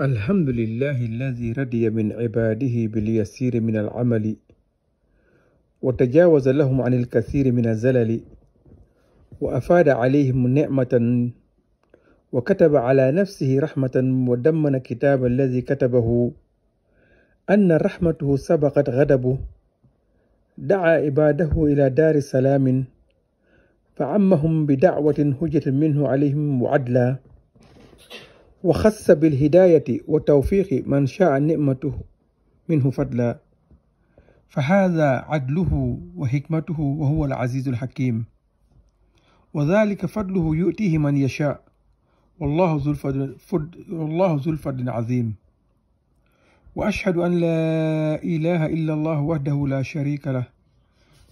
الحمد لله الذي رضي من عباده باليسير من العمل وتجاوز لهم عن الكثير من الزلل وأفاد عليهم نعمة وكتب على نفسه رحمة ودمن كتاب الذي كتبه أن رحمته سبقت غضبه دعا عباده إلى دار سلام فعمهم بدعوة هجت منه عليهم وعدلا وخص بالهداية وتوفيق من شاء نعمته منه فضلا فهذا عدله وحكمته وهو العزيز الحكيم وذلك فضله يؤتيه من يشاء والله ذو الفضل, والله ذو الفضل العظيم وأشهد أن لا إله إلا الله وحده لا شريك له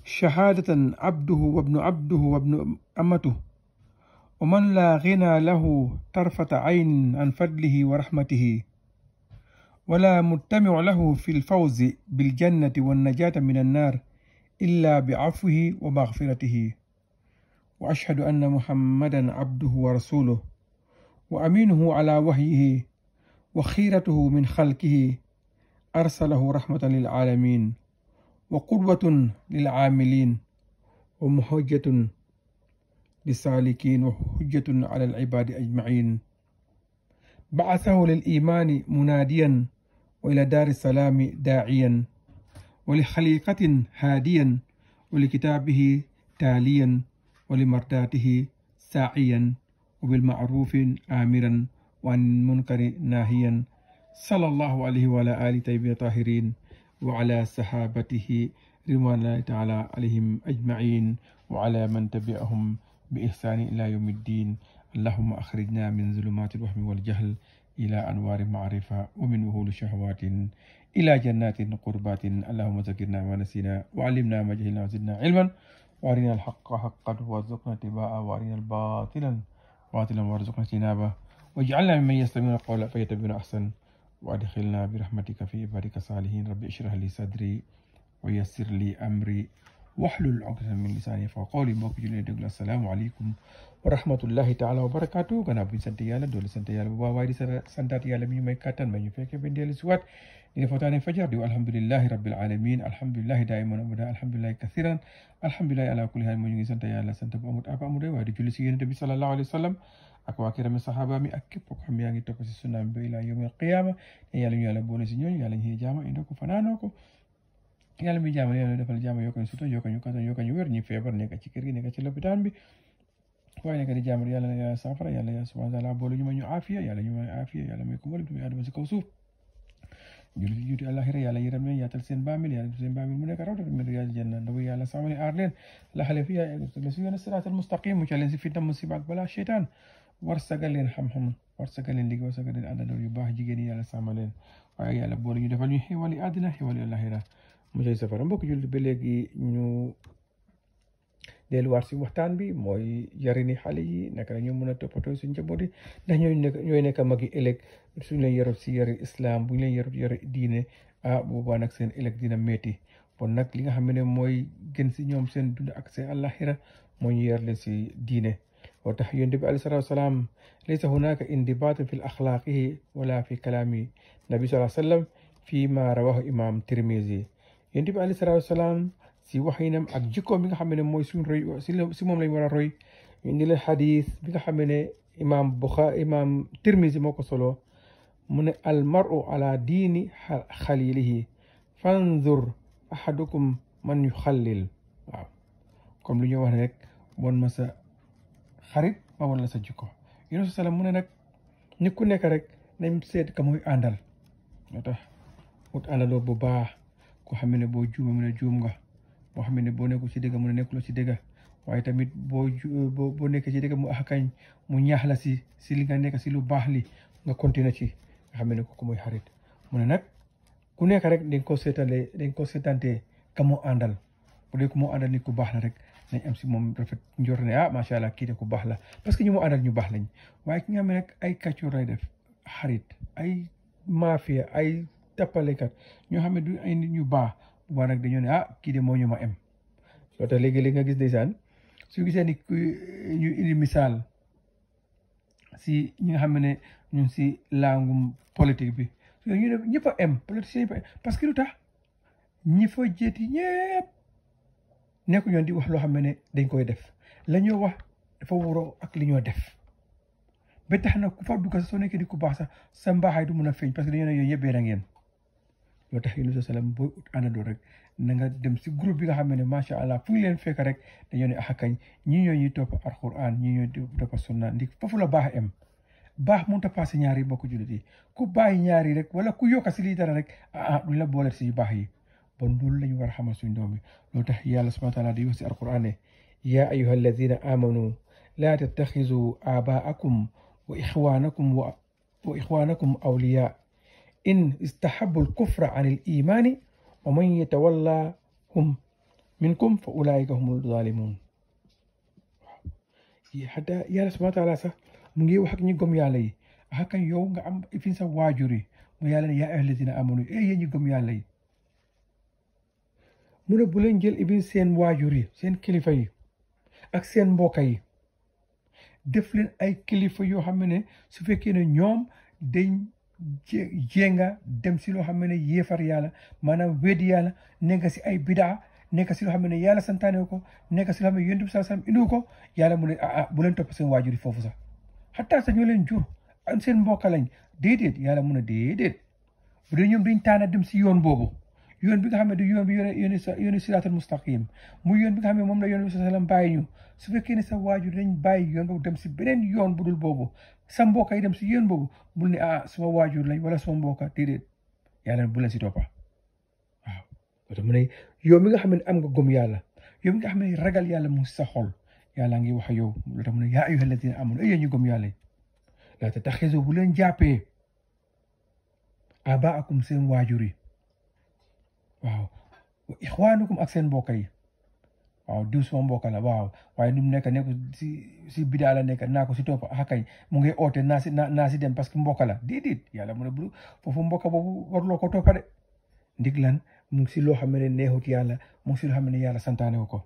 شهادة عبده وابن عبده وابن أمته ومن لا غنى له طرفة عين عن فضله ورحمته ولا متمع له في الفوز بالجنة والنجاة من النار إلا بعفوه ومغفرته وأشهد أن محمدا عبده ورسوله وأمينه على وحيه وخيرته من خلقه أرسله رحمة للعالمين وقدوة للعاملين ومحجة للسالكين وحجة على العباد أجمعين بعثه للإيمان مناديا وإلى دار السلام داعيا ولخليقة هاديا ولكتابه تاليا ولمرداته ساعيا وبالمعروف آمرا وعن المنكر ناهيا صلى الله عليه وعلى آله طيبين طاهرين وعلى صحابته رضوان الله تعالى عليهم أجمعين وعلى من تبعهم بإحسان إلى يوم الدين اللهم أخرجنا من ظلمات الوهم والجهل إلى أنوار المعرفة ومن وهول شهوات إلى جنات قربات اللهم ذكرنا ما نسينا وعلمنا ما جهلنا وزدنا علما وارنا الحق حقا وارزقنا اتباعه وارنا الباطلا باطلا وارزقنا اجتنابه واجعلنا ممن يستمعون القول فيتبعون احسن وادخلنا برحمتك في عبادك الصالحين رب اشرح لي صدري ويسر لي امري واحلل عقدة من لساني فقولي مبكي جلالي دقل السلام عليكم ورحمة الله تعالى وبركاته كان أبو سنتي يالا دول سنتي يالا بابا وايدي سنتات يالا ميو مي كاتن ميو فيك بين ديال سوات إذا فتاني فجر ديو الحمد لله رب العالمين الحمد لله دائما أبدا الحمد لله كثيرا الحمد لله على كل هاي مجنين سنتي يالا سنتي بأمود أبا أمود وايدي جلسي ينتبي صلى الله عليه وسلم أكو أكير من صحابة مي أكيب وكهم يانجي تقسي سنة بإلى يوم القيامة يالا يالا بولي سنيون يالا يالا يالا يالا يالا يالا يالا يالا يالا يالا يالا يالا yàlla mi jàmm yàlla defal jàmm yokk ñu sutura yokk ñu kattan yokk ñu wér ñu feebar nekk ci kër gi nekk ci lopitaan bi waaye nekk di jàmm yàlla yàlla saafara yàlla yàlla subhanahu wa taala boolu ñu ma ñu aafiya yàlla ñu ma aafiya yàlla may ko mbalu dumi adama si kaw suuf jullit juuti àlaxira yàlla yërëm leen yaatal seen bàmmeel yàlla seen bàmmeel mu nekk rawta mel yàlla janna ndaw yàlla sàmmali aar leen laxale fi yàlla si yoon siraatal mustaqim mu leen si fitna musiba ak balaa cheytaan war sagal leen xam-xam war sagal leen liggéey war sagal leen àndandoo yu baax jigéen yi yàlla sàmmal leen waaye ñu defal ñu monsieur safara mbokk julli ba léegi ñu si waxtaan bi mooy yarini xale yi naka na ñu mën a toppatoo suñ njaboot yi ndax ñooy nekk ñooy nekk mag yi ëllëg suñ leen yarut si yari islam bu ñu leen yarut diine ah boobaa seen ëllëg dina métti kon nag li nga xam ne mooy gën si ñoom seen dund ak seen àllaxira moo ñu yar leen si diine woo tax yonent a alayhi salaatu wasalaam laysa hunaka indibaatun fi l axlaaqihi wala fi kalaami nabi salaa sallam fii ma rawahu imam tirmisi yonent bi alayhi salatu wasalaam si waxinam ak jikko bi nga xam moy sun roy si mom lañ wara roy indi la hadith bi nga xam imam bukhari imam tirmizi moko solo mu al maru ala dini khalilihi fanzur ahadukum man yukhallil xallil waaw comme lu ñu wax rek won ma sa xarit ma wala sa jikko yunus sallam mune nak ne nit ku nek rek nañ set ka muy àndal motax ut wut àndaloo bu baax ko xam ne boo juumee mu ne juum nga boo xam ne boo nekkul ci dëgg mu ne nekkuloo ci tamit ci mu mu ñaax la si si li nga nekk si lu baax li nga continuer ci nga xam ne kooku mooy xarit mu ne nag ku nekk rek dañ ko seetalee dañ ko seetantee ka mu bu ku la rek nañ am si moom rafet ne ah macha allah kii de ku baax la parce que ñu mu àndal ñu baax lañ waaye ki nga ay def ay mafia ay tappalekat ñoo xam ne du ay nit ñu baax bu baax nag ah ma em So tax léegi-léegi nga gis ndeysaan su gisee ni ñu indi misaal si ñi nga xam ñun si langum politique bi su ñu ne ñëpp a em politicien ñëpp parce que lu tax ñi fa jéeti ñëpp nekku ñoon di wax loo xam ne dañ koy def la wax dafa wuroo ak li def ba ku fa dugg sax soo nekkee di ku baax sax sa mbaaxaay du mun a feeñ parce que dañoo ne ngeen loo tax yonent bi salaam booy ut àndandoo rek na nga dem si groupe bi nga xam ne macha allah fu ñu leen fekk rek dañoo ne axakañ ñi ñoo ñuy topp alquran ñi ñoo ñuy topp sunna ndik foofu la baax em baax mënut a passé ñaari yi rek wala ku yokk si lii dara ah, ah, la boole si yu baax yi bon du la ñu war a xamal suñu doom yi loo tax yàlla subhaana taala di wax si alquran ne yaa ayuha alladina amanu laa tattaxizu abaakum wa ixwaanakum wa ixwaanakum awliyaa إن استحبوا الكفر عن الإيمان ومن يتولاهم منكم فأولئك هم الظالمون xata yàlla subhana taala sax mu ngi wax ak ñi gëm yàlla yi xakan yow nga am fi sa waajur yi mu yàlla ne yaa ahlazina amanu e yéen ñi gëm yàlla yi mu ne bu leen jël ibin seen waajur yi seen kilifa yi ak seen mbokka yi def leen ay kilifa yoo xam ne su fekkee ne ñoom dañ jenga dem si lo xam ne yalla manam maanaam yalla yàlla nekk si ay bida nekk si loo xam ne yàlla santaane ko nekk si loo xam ne yonent bi sam indiwu ko yalla mu ne ah bu leen top seen wajuri fofu sax hatta sax ñu leen jur am seen mbokk lañ déedéet yàlla mu ne dedet bu de ñoom duñ tana dem si yoon bobu yoon bi nga xam du yoon bi yooni siratul mustaqim mu yoon bi nga xam mom la yoon sallam bàyyi ñu su fekkene sa waajur dañ bàyyi yoon bu dem si benen yoon budul bobu sa mbokk yi dem si yoon boobu bul ne ah suma waajur lañ wala suma mbokk déedéet yàlla bu leen si toppa waaw ba tax mu yow mi nga xam ne am nga gëm yàlla yow mi nga xam ne ragal yàlla mu sa xol yàlla ngi wax yow lu tax mu ne yaa ayyuha alladina amanu ay ñu gëm yàlla laa tattaxisu bu leen jàppee abaakum seen waajur yi waaw ixwaanukum ak seen mbokk yi waaw diw suma mbokk la waaw waaye nu mu nekk nekk si si bidaa la naa ko si topp xakay ah, mu ngi oote naa dem parce que mbokk la déedéet yàlla mu mbokk boobu warloo ko mu si loo xam ne mu si loo xam ne yàlla santaane ko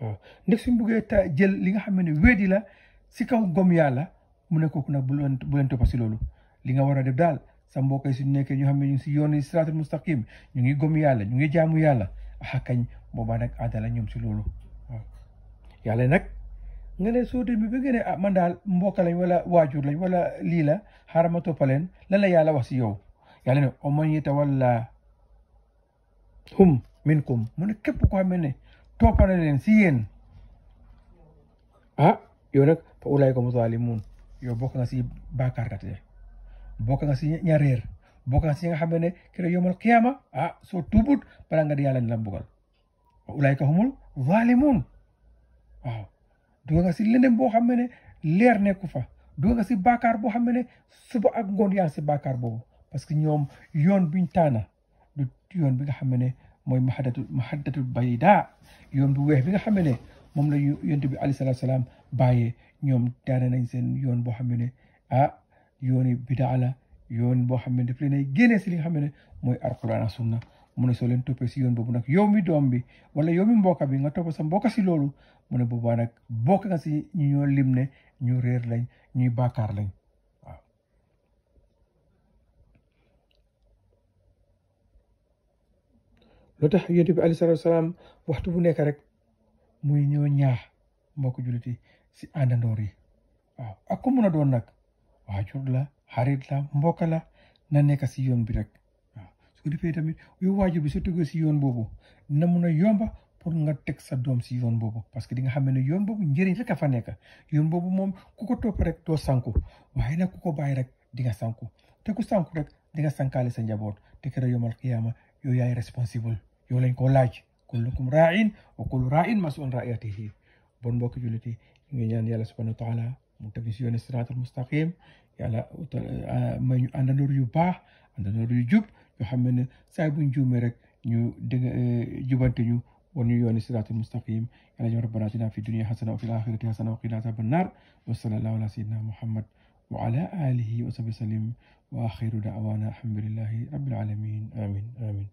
waaw ndax suñ ta jël li nga xam ne weedi la si kaw gom yàlla mu ne kooku nag bu leen bu leen toppa si loolu li nga war a def daal sa mbokk yi nekkee ñu xam ne ñu ngi si yoon siraatul mustaqim ñu ngi jaamu yàlla xakañ boobaa nag aadala ñoom si loolu yàlla nag nga ne soo demee ba gën a ah, man daal mbokk lañ wala waajur lañ wala lii la xaaral ma toppaleen lan la yàlla wax si yow yàlla ne o man hum minkum mu ne képp koo xam ne toppale leen si yéen ah yow nag fa mu zalimun yow bokk nga si baakaarkat yi bokk nga si ñareer bokkaas yi nga xam ne keroog yawmal qiyaama ah soo tuubut balaa nga di yàlla ni la mbugal wa ulaayka humul zaalimuun waaw dugg nga si lëndëm boo xam ne leer nekku fa dugg nga si baakaar boo xam ne suba ak ngoon yaa ngi si baakaar boobu parce que ñoom yoon biñ taana du yoon bi nga xam ne mooy mahadatu mahadatu bayda yoon bu weex bi nga xam moom la yonent bi alayhi salaatu salaam bàyyee ñoom taana nañ seen yoon boo xam ne ah yooni bidaa la yoon boo xam ne daf leen ay génnee si li nga xam ne mooy alquran ak sunna mu ne soo leen toppee si yoon boobu nag yow mi doom bi wala yow mi mbokka bi nga topp sa mbokka si loolu mu ne boobaa nag bokk nga si ñu ñoo lim ne ñu réer lañ ñuy bàkkaar lañ waaw loo tax yonent nekk rek muy ñoo ñaax mbokk jullit yi si àndandoor yi waaw ak mun a doon nag waajur la Haritla, mbokala na nekk si yoon bi rek waaw su ko defee tamit yow waajur bi su tegoo si yoon boobu na mun yomba pour nga teg sa doom si yoon boobu parce que di nga xam ne yoon boobu njëriñ rek a fa nekk yoon boobu moom ku ko rek doo sànku waaye nag ku ko rek di nga te ku sànku rek di nga sànkaale sa njaboot te kera yomal xiyaama yow yaay responsible yow lañ koo laaj kullukum raain wa kullu raain masun raiyatihi bon mbokk jullit yi ñaan subhanahu wa taala mu mustaqim yàlla utal may ñu àndandoor yu baax àndandoor yu jub yoo xam ne saay buñ juumee rek ñu dégg e, jubante ñu war ñu yooni siraatul mustaqim yàlla ñu rabbana atina fi dunya hasana wa fil akhirati hasana wa qina azaban nar wa sallallahu ala sayyidina muhammad wa ala alihi wa sahbihi sallim wa akhiru da'wana alhamdulillahi rabbil alamin amin amin